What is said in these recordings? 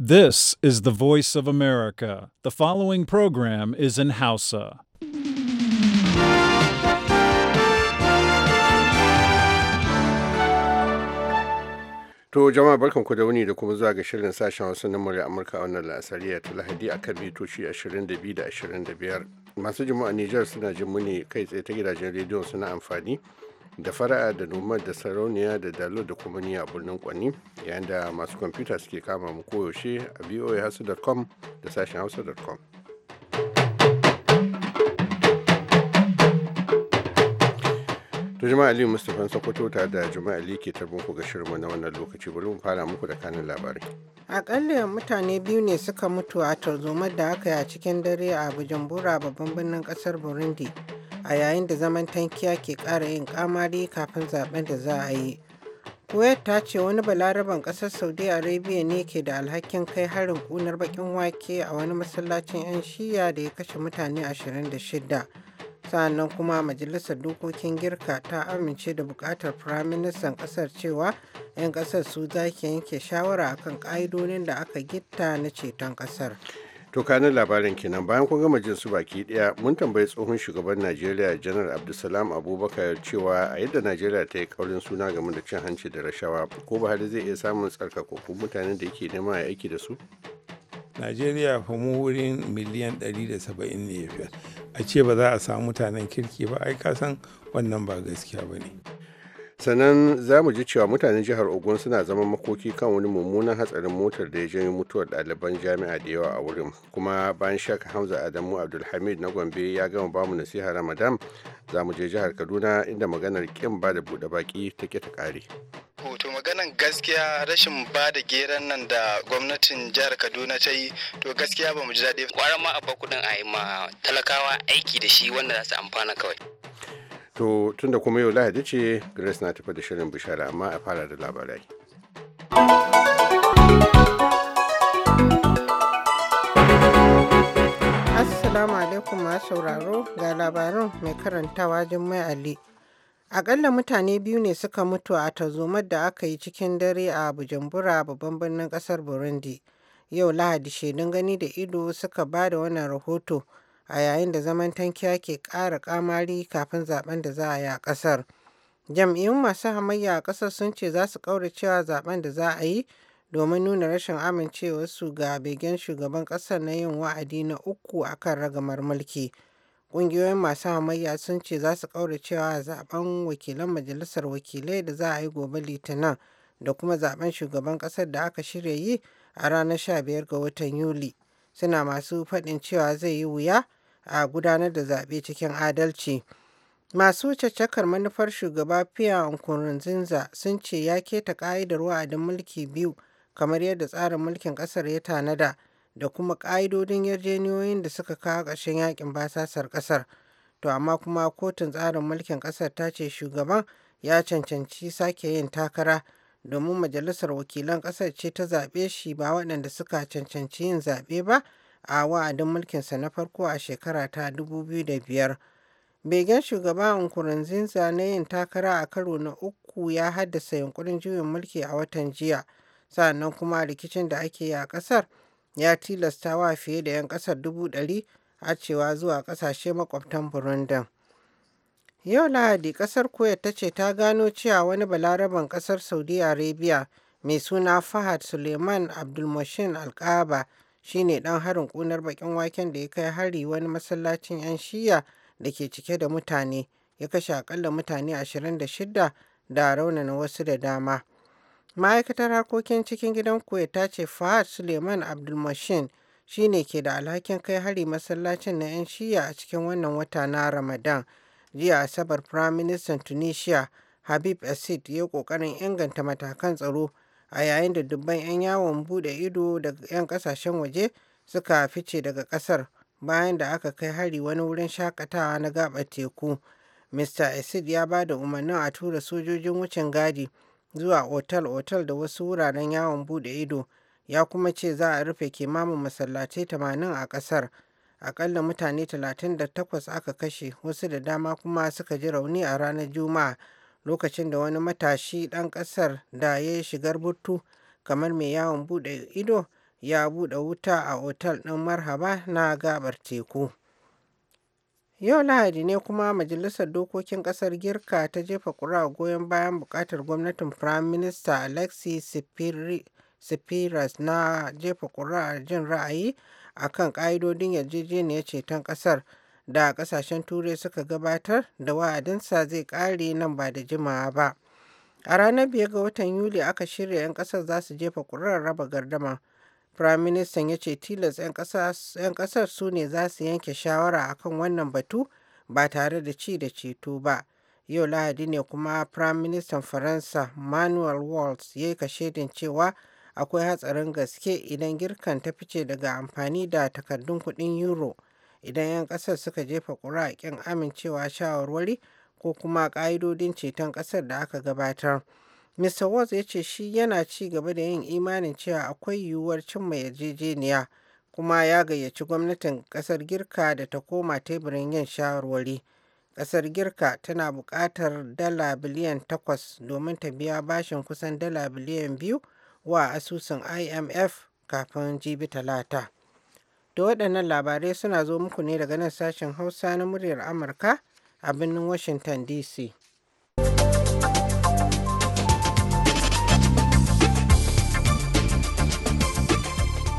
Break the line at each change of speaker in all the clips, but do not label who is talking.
This is the voice of America. The following program is in Hausa. To
jama'a barkanku da wuni da kuma zuwa ga shirin sashen Hausa na murya Amurka wannan la'asariya ta Lahadi a kan mitoci 22 da 25. Masu jama'a Nijar suna jin ne kai tsaye ta gidajen rediyon suna amfani da fara'a da noma da sarauniya da dalo da kuma ni a birnin kwanni yayin da masu kwamfuta suke kama mu koyaushe a voahasu.com da sashen hausa.com to jama'a aliyu mustapha sokoto tare da jama'a ali ke tarbin ku ga shirma na wannan lokaci bari mu fara muku da kanin labarai
akalla mutane biyu ne suka mutu a tarzomar da aka yi a cikin dare a bujumbura babban birnin kasar burundi a yayin da zaman tankiya ke ƙara yin kamari kafin zaben da za a yi. Kuwait ta ce wani balaraban ƙasar Saudi Arabia ne ke da alhakin kai harin ƙunar baƙin wake a wani masallacin 'yan shiya da ya kashe mutane 26. sannan kuma Majalisar Dokokin Girka ta amince da buƙatar Firaministan ƙasar cewa 'yan ƙasar su zaki yanke shawara akan ƙa'idodin da aka gitta na ceton ƙasar.
To kanin labarin kenan bayan kun gama jin su baki daya mun tambayi tsohon shugaban Najeriya Janar Abdulsalam Abubakar cewa a yadda Najeriya ta yi kaurin suna game da cin hanci da rashawa ko ba zai iya samun tsarkakakkun mutanen da yake nema ya aiki da su?
Najeriya fa wurin miliyan 170 ne ya a ce ba za a samu mutanen kirki ba ai kasan wannan ba gaskiya ba ne.
sannan za mu ji cewa mutanen jihar ogun suna zama makoki kan wani mummunan hatsarin motar da ya janyo mutuwar ɗaliban jami'a da yawa a wurin kuma bayan shak hamza adamu abdulhamid na gombe ya gama bamu nasiha ramadan za mu je jihar kaduna inda maganar kin ba da buɗe baki take ta ƙare
to maganan gaskiya rashin ba da geran nan da gwamnatin jihar kaduna ta yi to gaskiya ba mu ji daɗi kwaran ma a kuɗin a yi ma talakawa aiki da shi wanda za su amfana kawai
to tunda kuma yau lahadi ce grace na tafi da shirin bishara amma a fara da labarai
assalamu alaikum masu sauraro ga labarin mai karantawa jummai ali akalla mutane biyu ne suka mutu a tarzomar da aka yi cikin dare a bujumbura babban birnin kasar burundi yau lahadi shaidun gani da ido suka ba da wannan rahoto a yayin da zaman tankiya ke ƙara ƙamari kafin zaben da za a yi a ƙasar. Jam'iyyun masu hamayya a ƙasar sun ce za su ƙauracewa zaben da za a yi domin nuna rashin amincewarsu ga begen shugaban ƙasar na yin wa'adi na uku a kan ragamar mulki. Ƙungiyoyin masu hamayya sun ce za su ƙauracewa zaben wakilan majalisar wakilai da za a yi gobe litinin da kuma zaben shugaban ƙasar da aka shirya yi a ranar 15 ga watan Yuli. Suna masu faɗin cewa zai yi wuya a gudanar da zaɓe cikin adalci. Masu caccakar manufar shugaba Pierre Nkurunziza sun ce ya keta ƙa'idar wa'adin mulki biyu kamar yadda tsarin mulkin ƙasar ya tanada da kuma ƙa'idodin yarjejeniyoyin da suka kawo ƙarshen yaƙin basasar ƙasar. To amma kuma kotun tsarin mulkin ƙasar ta ce shugaban ya cancanci sake yin takara domin majalisar wakilan ƙasar ce ta zaɓe shi ba waɗanda suka cancanci yin zaɓe ba a wa'adin mulkinsa na farko a shekara ta 2005. Begen shugaba Nkurunziza na yin takara a karo na uku ya haddasa yunkurin juyin mulki a watan jiya, sannan kuma rikicin da ake yi a ƙasar ya tilasta wa fiye da 'yan ƙasar dubu ɗari a cewa zuwa ƙasashe makwabtan Burundi. Yau Lahadi ƙasar Kuwait ta ce ta gano cewa wani balaraban ƙasar Saudi Arabia mai suna Fahad Suleiman Abdulmoshin Alkaba shine ɗan harin ƙunar bakin waken da ya kai hari wani masallacin 'yan shiya da ke cike da mutane ya kashe akalla mutane 26 da raunana wasu da dama. Ma'aikatar harkokin cikin gidan Kuwait ta ce Fahad Suleiman Abdulmashin shi ne ke da alhakin kai hari masallacin na 'yan shiya a cikin wannan wata na Ramadan. Jiya Asabar Firaministan Tunisia Habib asid ya ƙoƙarin inganta matakan tsaro a yayin da dubban 'yan yawon bude ido daga 'yan kasashen waje suka fice daga kasar bayan da aka kai hari wani wurin shakatawa na gabar teku mr acid ya ba da umarnin a tura sojojin wucin gadi zuwa otal-otal da wasu wuraren yawon bude ido ya kuma ce za a rufe kimamin masallacai 80 a kasar akalla mutane 38 aka kashe wasu da dama kuma suka ji rauni a ranar juma'a lokacin da wani matashi ɗan ƙasar da ya yi shigar burtu kamar mai yawon buɗe ido ya buɗe wuta a otal ɗin marhaba na gabar teku yau lahadi ne kuma majalisar dokokin ƙasar girka ta jefa ƙura goyon bayan buƙatar gwamnatin prime minister alexi spiras na jefa ƙura jin ra'ayi akan ƙa'idodin yarjejeniyar ceton ƙasar da kasashen turai suka gabatar da wa'adinsa zai kare nan ba da jimawa ba a ranar biyar ga watan yuli aka shirya 'yan kasar za su jefa ƙurarraba raba gardama firaministan ya ce tilas 'yan kasar su ne za su yanke shawara akan wannan batu ba tare da ci da ceto ba yau lahadi ne kuma firaministan faransa manuel waltz ya yi kashedin cewa akwai hatsarin gaske idan girkan ta fice daga amfani da takardun kudin euro idan 'yan ƙasar suka jefa ƙuri'a ƙin amincewa shawarwari ko kuma ƙa'idodin ceton ƙasar da aka gabatar. Mr. Watts ya ce shi yana ci gaba da yin imanin cewa akwai yiwuwar cimma yarjejeniya kuma ya gayyaci gwamnatin ƙasar Girka da ta koma teburin yin shawarwari. Ƙasar Girka tana buƙatar dala biliyan takwas domin ta biya bashin kusan dala biliyan biyu wa asusun IMF kafin jibi talata. da waɗannan labarai suna zo muku ne daga nan sashen hausa na muryar amurka a birnin washington dc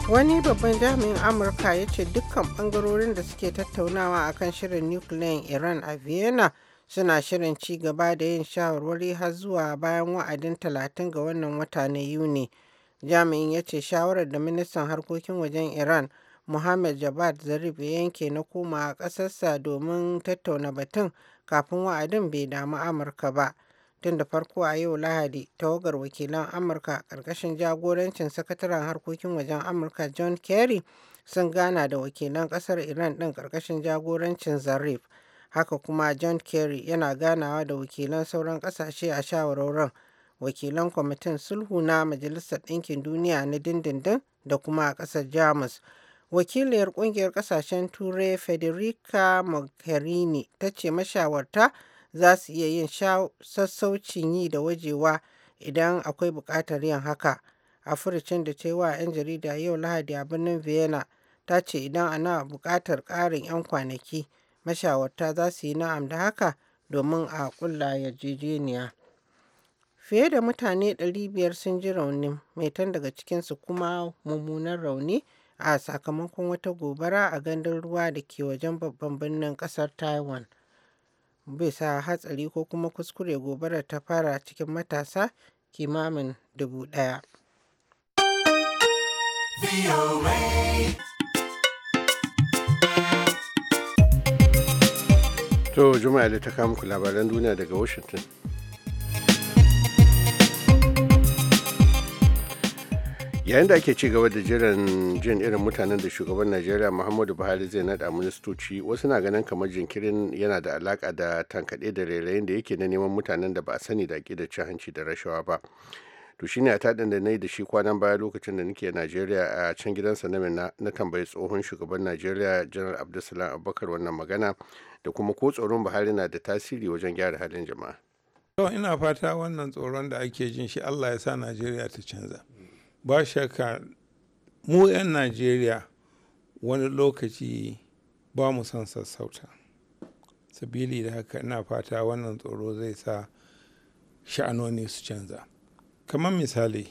wani babban jami'in amurka ya ce dukkan bangarorin da suke tattaunawa akan shirin nukiliyan iran a vienna suna shirin ci gaba da yin shawarwari har zuwa bayan wa'adin talatin ga wannan wata na yuni jami'in ya ce shawarar da ministan harkokin wajen iran Mohammed Javad Zarif ya yanke na koma a ƙasarsa domin tattauna batun kafin wa'adin bai damu Amurka ba. Tun da farko a yau Lahadi, tawagar wakilan Amurka ƙarƙashin jagorancin sakataren harkokin wajen Amurka John Kerry sun gana da wakilan ƙasar Iran ɗin ƙarƙashin jagorancin Zarif. Haka kuma John Kerry yana ganawa da wakilan sauran ƙasashe a shawarwarin wakilan kwamitin sulhu na Majalisar Ɗinkin Duniya na dindindin da kuma a ƙasar Jamus. wakiliyar kungiyar kasashen turai federica mogherini ta ce mashawarta za su iya yin sassaucin yi da wajewa idan akwai buƙatar yin haka a furucin da ta wa 'yan jarida yau lahadi a birnin vienna ta ce idan ana bukatar ƙarin 'yan kwanaki mashawarta za su yi na'am da haka domin a ƙulla yarjejeniya fiye da mutane 500 sun ji rauni mai tan daga cikinsu kuma mummunan rauni a sakamakon wata gobara a gandun ruwa da ke wajen babban birnin kasar taiwan bisa hatsari ko kuma kuskure gobara ta fara cikin matasa kimamin dubu daya
to juma'a da ta kama labaran duniya daga washington yayin da ake ci gaba da jiran jin irin mutanen da shugaban najeriya muhammadu buhari zai nada ministoci wasu na ganin kamar jinkirin yana da alaka da tankaɗe da rairayin da yake na neman mutanen da ba a sani da da cin hanci da rashawa ba to shine a taɗin da na yi da shi kwanan baya lokacin da nake najeriya a can gidansa na na tambayi tsohon shugaban najeriya janar abdulsalam abubakar wannan magana da kuma ko tsoron buhari na da tasiri wajen gyara halin jama'a
to ina fata wannan tsoron da ake jin shi allah ya sa najeriya ta canza ba shakka mu 'yan najeriya wani lokaci ba mu son sassauta sabili da haka ina fata wannan tsoro zai sa sha'anoni su canza kamar misali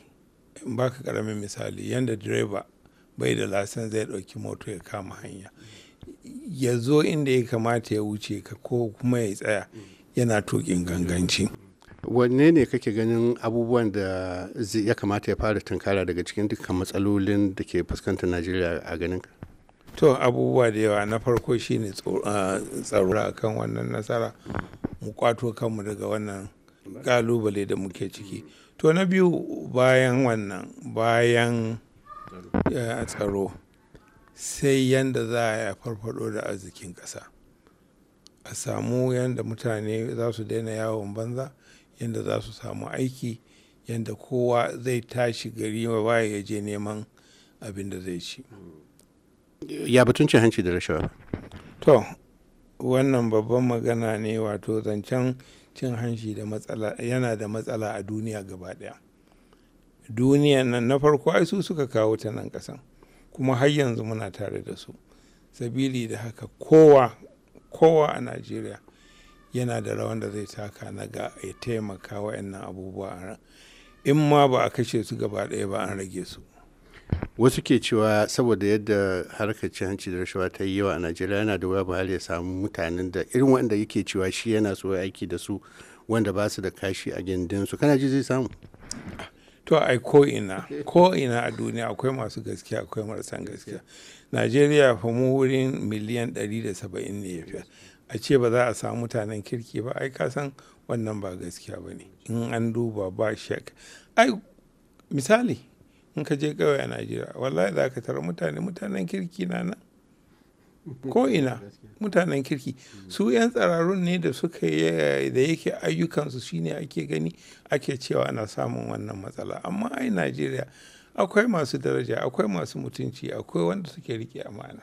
in baka karamin misali yadda direba bai da lasan zai ɗauki moto ya kama hanya ya zo inda ya kamata ya wuce ka ko kuma ya tsaya yana tukin ganganci
wanne ne kake ganin abubuwan da ya kamata ya fara tunkara daga cikin dukkan matsalolin da ke fuskantar najeriya a ganin to abubuwa da yawa na farko shine ah,
tsaro a kan wannan nasara mu kwato kanmu daga wannan kalubale da muke ciki to na biyu bayan wannan bayan eh, tsaro sai yanda za a farfado da arzikin ƙasa a samu yanda mutane za su daina yawon banza yadda za su samu aiki yadda kowa zai tashi gari baya ya je neman
abin da zai ci ya batuncin hanci da rashawa to
wannan babban magana ne wato zancen cin hanci da matsala yana da matsala a duniya gaba daya duniya nan na farko ai su suka kawo ta nan kasan kuma har yanzu muna tare da su sabili da haka kowa a najeriya yana da rawan da zai taka na ga ya taimaka wa'annan abubuwa a in ma ba a kashe su gaba ɗaya
ba an rage su wasu ke cewa saboda yadda harkar cin hanci da rashawa ta yi yawa a najeriya yana da wuya buhari ya samu mutanen da irin wanda yake cewa shi yana so aiki da su wanda ba su da kashi a su kana ji zai samu
to ai ko ina ko ina a duniya akwai masu gaskiya akwai marasan gaskiya najeriya fa wurin miliyan 170 ne ya fiya. a ce ba za a samu mutanen kirki ba ai ka san wannan ba gaskiya ba ne in an duba ba shek ai misali in ka je kawai a najeriya wallahi za ka tara mutane mutanen kirki na nan ko ina mutanen kirki su 'yan tsararrun ne da suka da yake ayyukansu shine ake gani ake cewa ana samun wannan matsala amma ai najeriya akwai masu daraja akwai masu mutunci akwai wanda suke rike amana.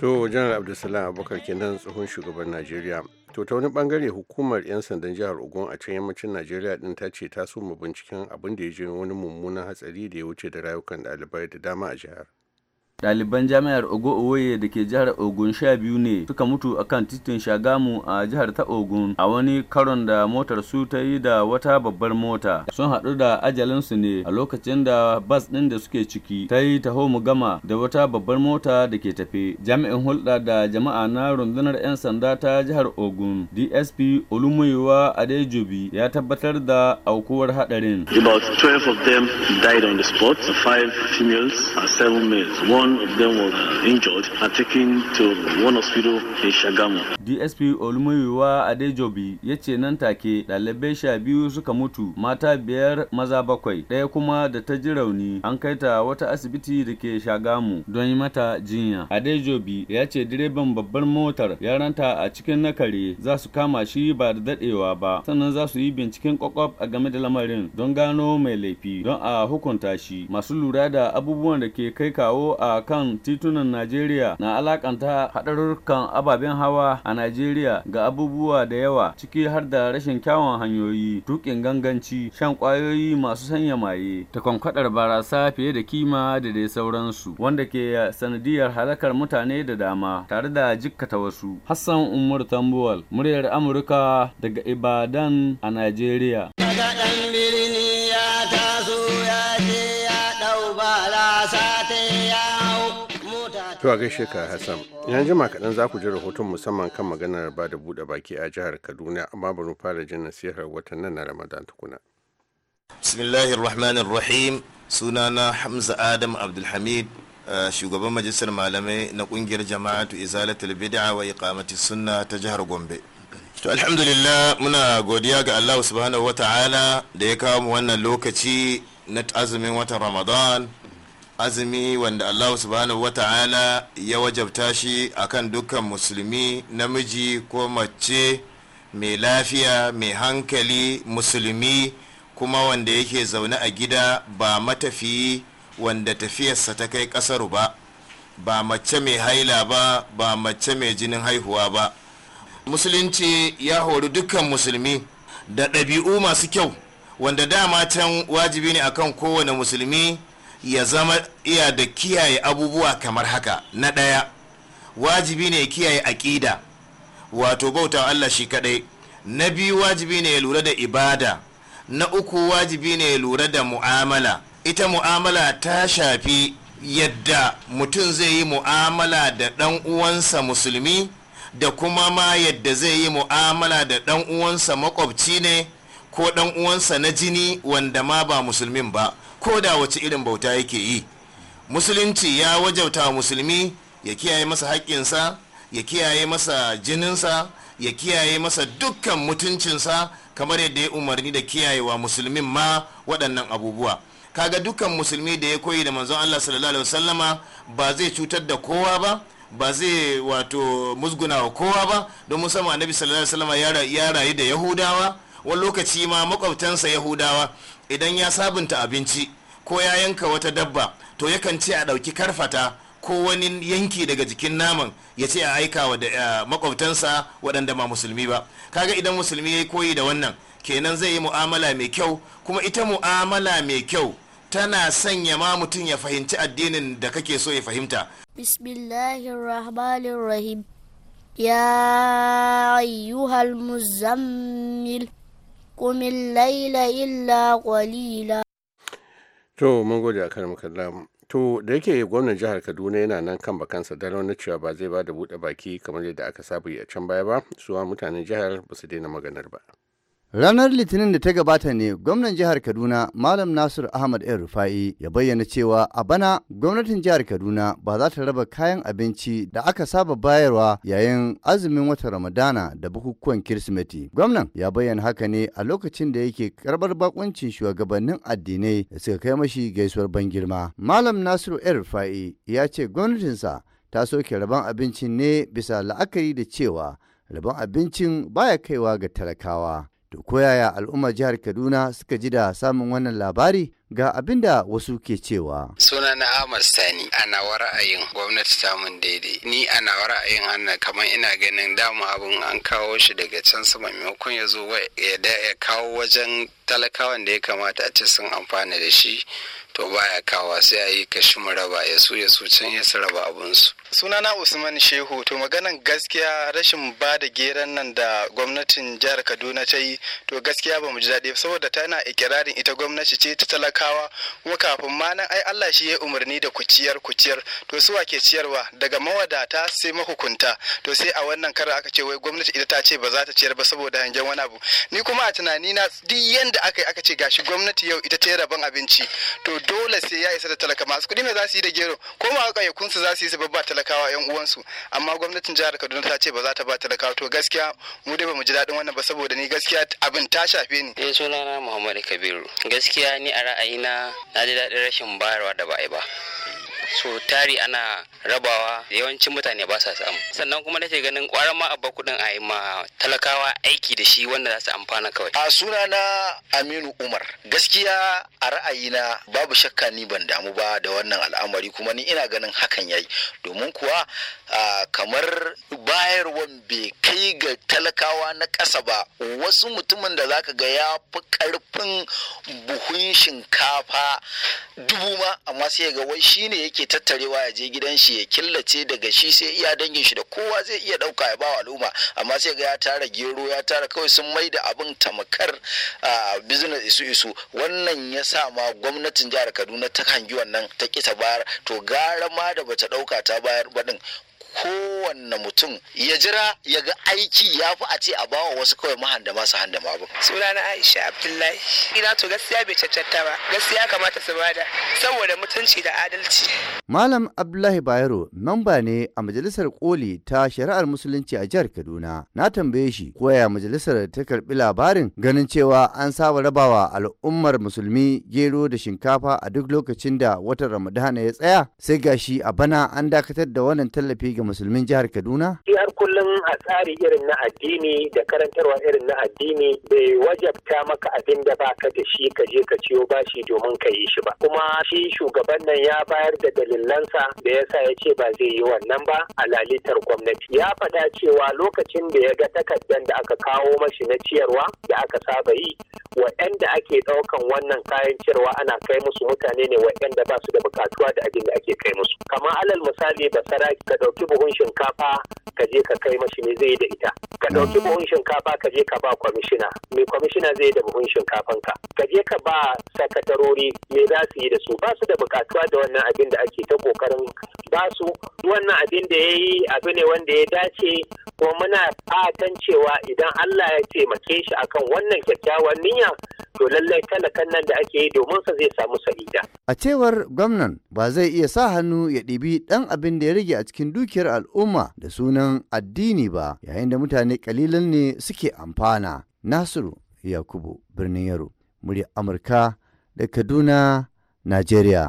to janar abdulsalam abubakar kenan tsohon shugaban najeriya to ta wani bangare hukumar 'yan sandan jihar ogun a can yammacin najeriya din ta ce ta so mu binciken abin da ya je wani mummunan hatsari da ya wuce da rayukan ɗalibai da dama a jihar
Ɗaliban jami'ar Ogo Owoye da ke jihar Ogun sha biyu ne suka mutu a kan titin Shagamu a jihar ta Ogun a wani karon da motar su ta yi da wata babbar mota. Sun haɗu da ajalinsu ne a lokacin da bas ɗin da suke ciki ta yi taho mu gama da wata babbar mota da ke tafe. Jami'in hulɗa da jama'a na rundunar 'yan sanda ta jihar Ogun DSP Olumuyiwa Adejobi ya tabbatar da aukuwar haɗarin. About 12 of them died on the spot, five females and seven males. One One of them was injured and taken to one hospital in Shagamu. DSP Olumuyiwa Adejobi ya ce nan take ɗalibai sha biyu suka mutu mata biyar maza bakwai ɗaya kuma da ta ji rauni an kai ta wata asibiti da ke Shagamu don yi mata jinya. Adejobi ya ce direban babbar motar ya ranta a cikin nakare za su kama shi ba da daɗewa ba sannan za su yi binciken kwakwaf a game da lamarin don gano mai laifi don a hukunta shi masu lura da abubuwan da ke kai kawo a kan titunan Najeriya na alakanta haɗarurrukan ababen hawa a Najeriya ga abubuwa da yawa ciki har da rashin kyawun hanyoyi, tukin ganganci, shan ƙwayoyi masu sanya maye, takwankwaɗar barasa fiye da kima da dai sauransu, wanda ke sanadiyar halakar mutane da dama tare da jikkata wasu. Hassan Umar Tambuwal, muryar Amurka daga Ibadan a Najeriya. To a gaishe ka Hassan, yan
jima kaɗan za ku ji rahoton musamman kan maganar ba da buɗe baki a jihar Kaduna amma bari fara jin nasihar watan nan na Ramadan tukuna.
Bismillahir Rahmanir Rahim sunana Hamza Adam Abdulhamid uh, shugaban majalisar malamai na kungiyar jama'atu izalatul bid'a wa iqamati sunna ta jihar Gombe. To alhamdulillah muna godiya ga Allah subhanahu wata'ala da ya kawo mu wannan lokaci na azumin watan Ramadan azumi wanda allahu subhanahu wata'ala ya wajabta shi akan dukkan musulmi namiji ko mace mai lafiya mai hankali musulmi kuma wanda yake zaune a gida ba matafiyi wanda tafiyarsa ta kai kasaru ba ba mace mai haila ba ba mace mai jinin haihuwa ba musulunci ya hori dukkan musulmi da ɗabi'u masu kyau wanda dama can wajibi ne akan kowane musulmi ya zama iya da kiyaye abubuwa kamar haka na ɗaya wajibi ne kiyaye aƙida wato bauta Allah shi kaɗai na biyu wajibi ne ya lura da ibada na uku wajibi ne ya lura da mu'amala ita mu'amala ta shafi yadda mutum zai yi mu'amala da ɗan uwansa musulmi da kuma ma yadda zai yi mu'amala da ɗan uwansa makwabci ne ko ɗan uwansa na jini wanda ma ba musulmin ba ko da wace irin bauta yake yi musulunci ya wajauta wa musulmi ya kiyaye masa haƙƙinsa ya kiyaye masa jininsa ya kiyaye masa dukkan mutuncinsa kamar yadda ya umarni da kiyayewa musulmin ma waɗannan abubuwa kaga dukkan musulmi da ya koyi da manzon Allah sallallahu alaihi wasallama ba zai cutar da kowa ba ba zai wato musguna wa kowa ba don musamman annabi sallallahu alaihi wasallama ya rayu da yahudawa wani lokaci ma makwabtansa yahudawa idan ya sabunta abinci ko ya yanka wata dabba to yakan ce a ɗauki karfata ko wani yanki daga jikin naman ya ce a aika wa eh, makwabtansa waɗanda ma musulmi ba kaga idan musulmi ya yi koyi da wannan kenan zai yi mu'amala mai kyau kuma ita mu'amala mai kyau tana sanya ma mutum ya fahimci addinin da kake so ya fahimta
bismillahirrahmanirrahim ya ayyuhal muzammil kumin laila illa kwalila.
to mun gode akan makalla, to da yake gwamnan jihar kaduna yana nan kan bakansa da na cewa ba zai ba da buɗe baki kamar yadda aka saba yi a can baya ba suwa mutanen jihar ba su daina maganar ba
Ranar Litinin da ta gabata ne gwamnan jihar Kaduna Malam Nasir Ahmad El Rufai ya bayyana cewa a bana gwamnatin jihar Kaduna ba za ta raba kayan abinci da aka saba bayarwa yayin azumin wata Ramadana da bukukuwan Kirsimeti. Gwamnan ya bayyana haka ne a lokacin da yake karbar bakuncin shugabannin addinai da suka kai mashi gaisuwar ban girma. Malam Nasiru El Rufai ya ce gwamnatinsa ta soke rabon abincin ne bisa la'akari da cewa rabon abincin baya kaiwa ga talakawa. To koyaya al'ummar jihar Kaduna suka ji da samun wannan labari ga abin da wasu ke cewa.
Suna na Ahmad Sani ana wa ra'ayin gwamnati ta daidai. Ni ana wa ra'ayin hannu kamar ina ganin damu abin an kawo shi daga can sama maimakon ya zo ya kawo wajen talakawan da ya kamata a ce sun amfana da shi to baya kawa sai a yi kashi maraba ya su ya su can ya su raba abinsu. sunana usman shehu to
maganan gaskiya rashin ba da geran nan da gwamnatin jihar kaduna ta yi to gaskiya ba mu ji daɗi saboda tana ikirarin ita gwamnati ce ta talakawa kuma kafin ma nan ai allah shi ya umarni da kuciyar kuciyar to su ke ciyarwa daga mawadata sai mahukunta to sai a wannan karar aka ce wai gwamnati ita ta ce ba za ta ciyar ba saboda hangen wani abu ni kuma a tunani na duk yanda aka yi aka ce gashi gwamnati yau ita ta rabon abinci to dole sai ya isa da talaka masu kuɗi ne za su yi da gero ko ma su za su yi su babba talakawa yan uwansu amma gwamnatin jihar Kaduna ta ce ba za ta ba talakawa to gaskiya mu dai mu ji daɗin wannan ba saboda ni gaskiya abin ta shafe ni eh sunana muhammadu Kabiru gaskiya ni a ra'ayina na ji daɗin rashin bayarwa da ba ba so tari ana rabawa yawancin mutane ba sa samu sannan kuma nake ganin kwaran ma abba kudin a ma talakawa aiki da shi wanda za su amfana kawai a suna na aminu umar gaskiya a ra'ayina babu shakka ni ban damu ba da wannan al'amari kuma ni ina ganin hakan yayi domin kuwa kamar bayarwan bai kai ga talakawa na ƙasa ba wasu mutumin da zaka ga ya fi karfin buhun shinkafa dubu ma amma sai ga wai shine yake yake tattarewa ya je gidan shi ya killace daga shi sai iya dangin shi da kowa zai iya dauka ya bawa al'umma amma sai ga ya tara gero ya tara kawai sun mai da abin tamakar business isu isu wannan ya sa ma gwamnatin jihar Kaduna ta hangi wannan ta kisa bayar to gara ma da bata dauka ta bayar ba din kowanne
mutum ya jira ya ga aiki ya fi a ce a bawa wasu kawai mahandama su handama abin. sunana aisha abdullahi ina to gaskiya bai caccata ba gaskiya kamata su bada saboda mutunci da adalci.
malam abdullahi bayero mamba ne a majalisar koli ta shari'ar musulunci a jihar kaduna na tambaye shi koya majalisar ta karbi labarin ganin cewa an saba rabawa al'ummar musulmi gero da shinkafa a duk lokacin da watan ramadana ya tsaya sai gashi a bana an dakatar da wannan tallafi ga musulmin jihar Kaduna?
jihar kullum a tsari irin na addini da karantarwa irin na addini bai wajabta maka abin da baka da shi ka je ka ciyo bashi domin ka yi shi ba. Kuma shi shugaban nan ya bayar da dalilansa da yasa ya ce ba zai yi wannan ba a lalitar gwamnati. Ya faɗa cewa lokacin da ya ga takaddan da aka kawo mashi na ciyarwa da aka saba yi waɗanda ake ɗaukan wannan kayan cewa ana kai musu mutane ne waɗanda ba su da bukatuwa da abin da ake kai musu kamar alal misali ba saraki ka ɗauki buhun shinkafa ka je ka kai mashi ne zai da ita ka ɗauki mm. buhun shinkafa ka je ka ba kwamishina me kwamishina zai da buhun shinkafan ka ka je ka ba sakatarori me za su yi da su ba su da bukatuwa da wannan abin da ake ta kokarin ba su wannan abin da ya yi abu ne wanda ya dace kuma muna fatan cewa idan Allah ya taimake shi akan wannan kyakkyawan niyya hanya to lallai talakan nan da ake yi domin sa zai samu sa'ida.
A cewar gwamnan ba zai iya sa hannu ya ɗibi ɗan abin da ya rage a cikin dukiyar al'umma da sunan addini ba yayin da mutane kalilan ne suke amfana. Nasiru Yakubu Birnin Yaro, murya Amurka da Kaduna, Najeriya.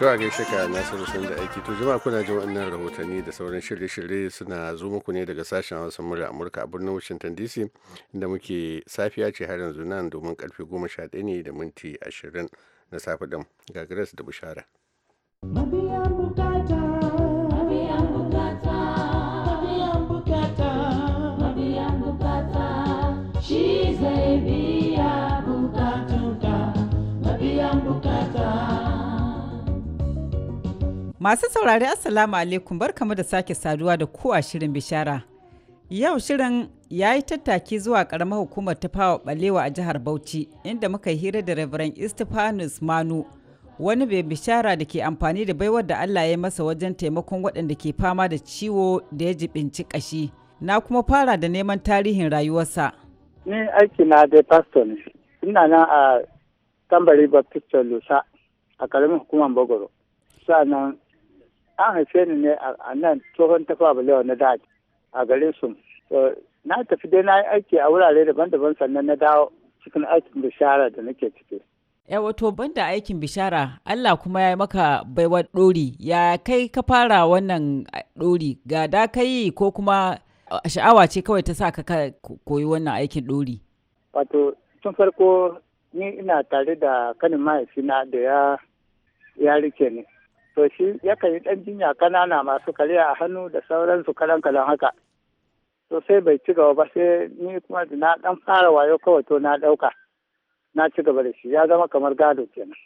To a gaishe ka Nasiru sun da aiki to jama'a kuna jin wannan rahotanni da sauran shirye-shirye suna zo muku ne daga sashen Hausa murya Amurka a birnin Washington DC inda muke safiya ce har yanzu nan domin karfe goma sha ɗaya ne da minti ashirin na safe din ga Grace da Bushara.
Masu saurari Assalamu alaikum bar barkamu da sake saduwa da ku a shirin bishara. Yau shirin ya yi tattaki zuwa karamar hukumar tafawa balewa a jihar Bauchi inda muka hira da Reverend Estefanus Manu wani bai bishara da ke amfani da baiwar da Allah ya masa wajen taimakon waɗanda ke fama da ciwo da ya jibinci kashi Na kuma fara da neman tarihin rayuwarsa.
Ni aiki na dai pastor ne. Ina nan a Tambari Baptist Lusa a karamin hukumar Bogoro. Sa'annan an haife ni ne a nan tsohon tafa balewa na daji a garin su na tafi dai na yi aiki a wurare daban-daban sannan na dawo cikin aikin bishara da nake ciki
wato banda aikin bishara Allah kuma ya maka baiwar ɗori ya kai ka fara wannan ɗori ga da ka yi ko kuma sha'awa ce kawai ta sa ka koyi wannan aikin ɗori
wato tun farko ni ina tare da kanin mahaifina da ya ya rike ni to shi yakan yi ɗan jinya kanana masu karya a hannu da sauransu kalan kalan haka to sai bai ci gaba ba sai ni kuma na dan fara wayo kawai to na dauka na ci gaba da shi ya zama kamar gado kenan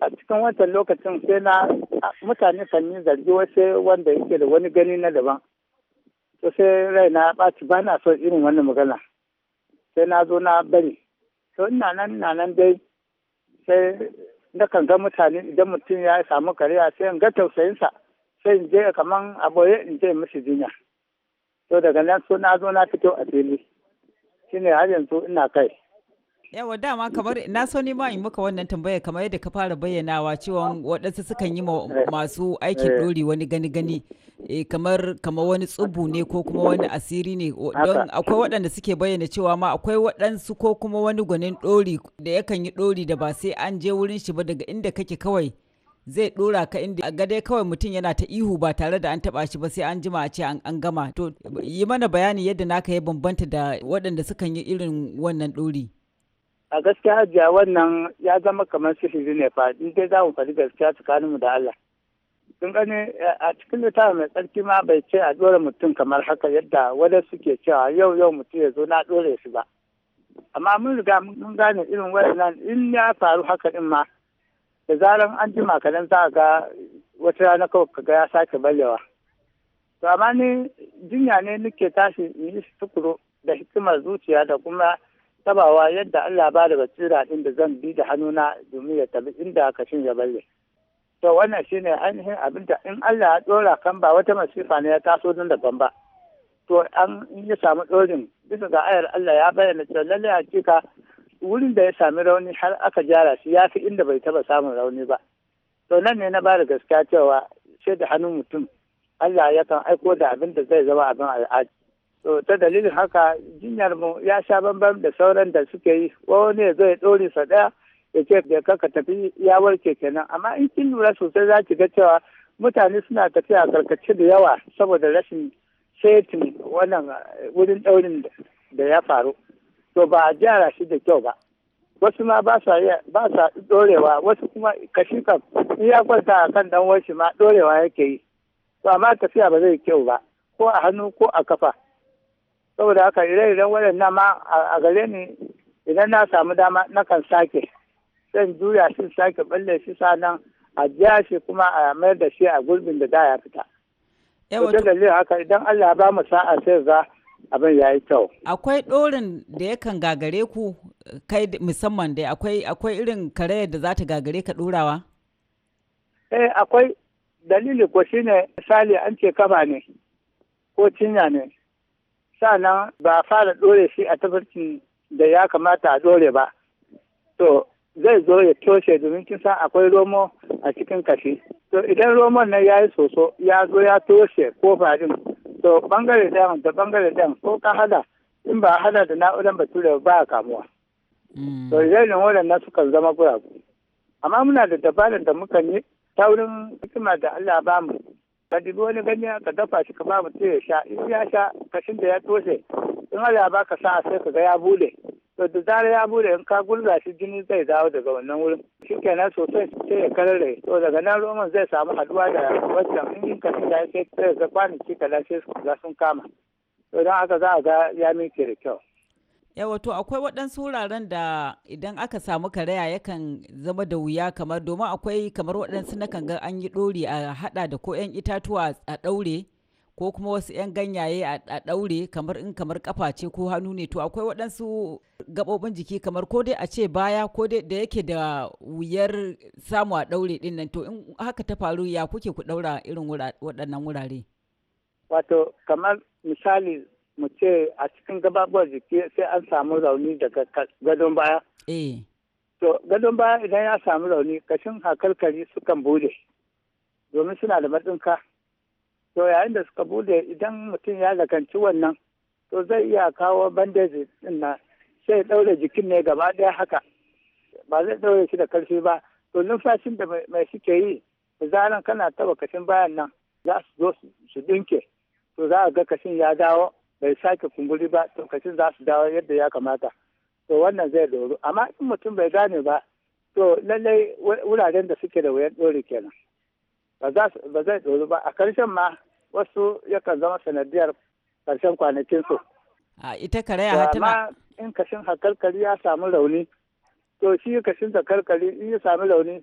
a cikin wancan lokacin sai na mutane kan yi zargi wasu wanda yake da wani gani na daban to sai rai na ɓaci ba na son irin wannan magana sai na zo na bari to ina nan ina nan dai sai na ga mutane idan mutum ya samu kariya sai in ga tausayinsa sai in je kaman a boye in je mishi jinya to daga nan so na zo na fito a fili shine har yanzu ina kai
yawa dama kamar na so ne ma in maka wannan tambaya kamar yadda ka fara bayyanawa cewa waɗansu sukan yi masu aikin eh. ɗori wani gani-gani eh, kamar kamar wani tsubu ne ko kuma wani asiri ne don akwai waɗanda suke bayyana cewa ma akwai waɗansu ko kuma wani gwanin ɗori da yakan yi ɗori da ba sai an je wurin shi ba daga inda kake kawai zai ɗora ka inda a gade kawai mutum yana ta ihu ba tare da an taba shi ba sai an jima a ce an gama to yi mana bayani yadda naka ya bambanta da waɗanda sukan yi irin wannan ɗori.
a gaskiya hajiya wannan ya zama kamar sihiri ne fa in dai za mu faɗi gaskiya tsakaninmu da Allah sun gani a cikin littafin mai tsarki ma bai ce a ɗora mutum kamar haka yadda wadda suke cewa yau yau mutum ya zo na ɗore shi ba amma mun riga mun gane irin nan in ya faru haka din ma da zaran an jima kadan za a ga wata rana kawai kaga ya sake balewa to amma ni jinya ne nake tashi in yi sukuro da hikimar zuciya da kuma tabawa yadda Allah ba da basira din da zan bi da hannuna domin ya tabi inda kashin ya balle to wannan shi ne ainihin abin da in Allah ya dora kan ba wata masifa ne ya taso don daban ba to an ya samu ɗorin bisa ga ayar Allah ya bayyana cewa lalle hakika wurin da ya sami rauni har aka gyara shi ya fi inda bai taba samun rauni ba to nan ne na ba da gaskiya cewa sai da hannun mutum Allah ya kan aiko da abin da zai zama abin al'aji to ta dalilin haka jinyar mu ya sha bambam da sauran da suke yi wani ya zo ya ɗore sa ɗaya ya ce da kaka tafi ya warke kenan amma in kin lura sosai za ki ga cewa mutane suna tafiya karkace da yawa saboda rashin setin wannan eh, wurin ɗaurin da ya faru to ba a gyara shi da kyau ba wasu ma ba sa dorewa wasu kuma kashi kam in ya kwanta a kan dan ma dorewa yake yi to amma tafiya ba zai kyau ba ko a hannu ko a kafa saboda haka ire-iren waɗannan ma a gare ni idan na samu dama nakan sake zan juya shi sake balle shi sanan a biya shi kuma a mayar da shi a gurbin da da ya fita. da eh, dalilin haka idan Allah ba mu sa'a sai za abin ya yi kyau.
Akwai ɗorin da yakan gagare ku kai musamman da akwai akwai irin karayar da za ta gagare ka ɗorawa?
Eh akwai dalili ko shine misali an ce kama ne ko cinya ne sannan ba a fara ɗore shi a tabbacin da ya kamata a ɗore ba to zai zo ya toshe domin kin san akwai romo a cikin kashi to idan romon nan ya yi soso ya zo ya toshe ko din to bangare ɗayan da bangare ɗayan ko ka hada in ba hada da na'urar bature ba kamuwa mm. to idan waɗannan sukan zama guragu amma muna da dabarar da mukan yi ta wurin hikima da Allah ba mu ka dibi wani ganye ka dafa shi ka ba mutum ya sha in ya sha kashin da ya toshe in Allah ba ka sa sai ka ga ya bude to da zarar ya bude in ka gurza shi jini zai dawo daga wannan wurin shikenan sosai sai ya karare to daga nan roman zai samu haduwa da wancan in yin kashin da ya sai ga kwanaki kadan sai sun kama to don haka za a ga ya mike da kyau
yawa to akwai waɗansu wuraren da idan aka samu karaya yakan zama da wuya kamar domin akwai kamar waɗansu na kan ga an yi ɗori a haɗa da ko 'yan itatuwa a ɗaure ko kuma wasu 'yan ganyaye a ɗaure kamar in kamar kafa ce ko hannu ne to akwai waɗansu gaɓoɓin jiki kamar ko dai a ce baya ko dai da yake da wuyar samu a ɗaure ɗin nan to in haka ta faru ya kuke ku ɗaura irin waɗannan wurare.
Wato kamar misali mu ce a cikin gababuwar jiki sai an samu rauni daga gadon baya. Eh. To gadon baya idan ya samu rauni kashin hakarkari sukan bude domin suna da matsinka. To yayin da suka bude idan mutum ya zakanci wannan to zai iya kawo bandeji din na sai ɗaure jikin ne gaba ɗaya haka ba zai ɗaure shi da karfi ba to numfashin da mai suke yi da zaran kana taba kashin bayan nan za su zo su dinke to za a ga kashin ya dawo bai sake kumburi ba lokacin za su dawo yadda ya kamata to wannan zai doru amma in mutum bai gane ba to lallai wuraren da suke da wayan ɗori kenan ba zai doru ba a karshen ma wasu yakan zama sanadiyar karshen kwanakinsu.
a ita karaya hatima
in kashin hakarkari ya samu rauni to shi kashin da in ya samu rauni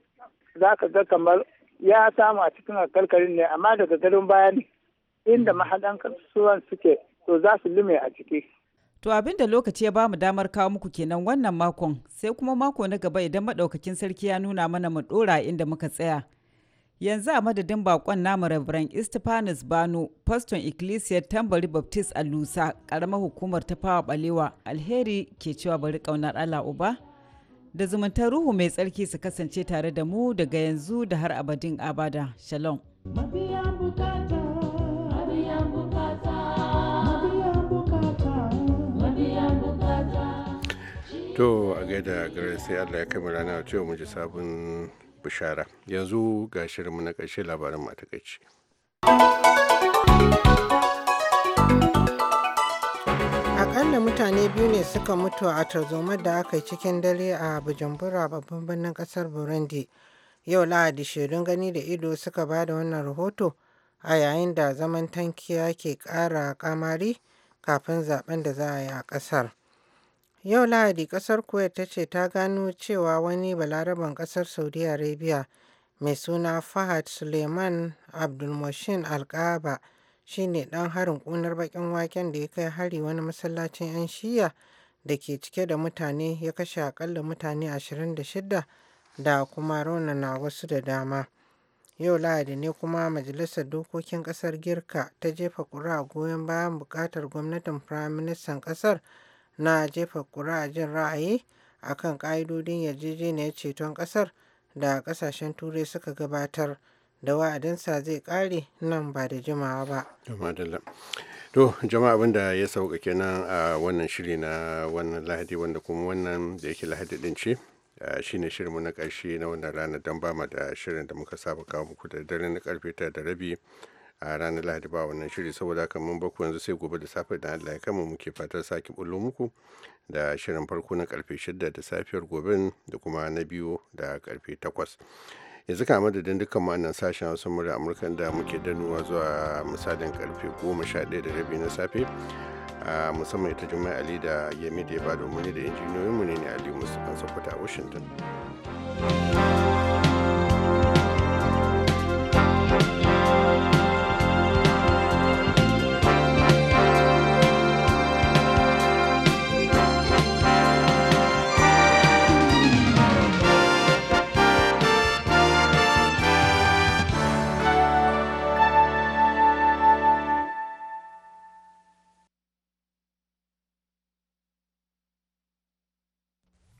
za ka ga kamar ya samu a cikin hakarkarin ne amma daga garin bayan inda mm. mahadan kasuwan suke to za su lume a ciki.
To abin da lokaci ya bamu damar kawo muku kenan wannan makon sai kuma mako na gaba idan madaukakin sarki ya nuna mana mu dora inda muka tsaya. Yanzu a madadin bakon namu Reverend Estefanus Bano, faston Ecclesia Tambari Baptist a Lusa, karamar hukumar ta fawa balewa alheri ke cewa bari kaunar Allah Uba. Da zumunta ruhu mai tsarki su kasance tare da mu daga yanzu da har abadin abada. Shalom.
Mabiya bukata
to a gaida garin sai allah ya kama rana a cewa muji sabon bishara yanzu ga shirinmu na ƙarshe labarin matakaici
akalla mutane biyu ne suka mutu a tarzoma da aka yi cikin dare a bujumbura babban birnin kasar burundi yau lahadi shaidun gani da ido suka ba da wannan rahoto a yayin da zaman tankiya ke ƙara kamari kafin zaben da za a yi a ƙasar. Yau Lahadi ƙasar Kuwait ta ce ta gano cewa wani Balaraben ƙasar Saudi Arabia mai suna Fahad Suleiman abdulmashin alkaba shine ne ɗan harin ƙunar baƙin waken da ya kai hari wani masallacin 'yan shiya da ke cike da mutane ya kashe aƙalla mutane 26 da kuma raunana wasu da dama. Yau Lahadi ne kuma Majalisar Dokokin Ƙasar Girka ta jefa ƙuri'a goyon bayan buƙatar gwamnatin Firaministan ƙasar na jefa ƙuri'a jin ra'ayi kan ƙa'idodin yarjejeniyar ceton ƙasar da ƙasashen turai suka gabatar da wa'adinsa zai ƙare nan ba da jimawa ba.
To jama'a abin da ya sauka kenan a wannan shiri na wannan lahadi wanda kuma wannan da yake lahadi din ce shine shirinmu na ƙarshe na wannan ranar don ba da shirin da muka saba kawo muku da dare na karfe tara da rabi a ranar lahadi ba wannan shiri saboda haka mun baku yanzu sai gobe da safe da allah ya kama muke fatar sake bullo muku da shirin farko na karfe shida da safiyar gobe da kuma na biyu da karfe takwas yanzu ka madadin dukkan ma'anan sashen wasu murya amurka da muke danuwa zuwa misalin karfe goma sha ɗaya da rabi na safe a musamman ita jimai ali da yami da ya ba domin da injiniyoyinmu ne ne ali musamman sakwata a washington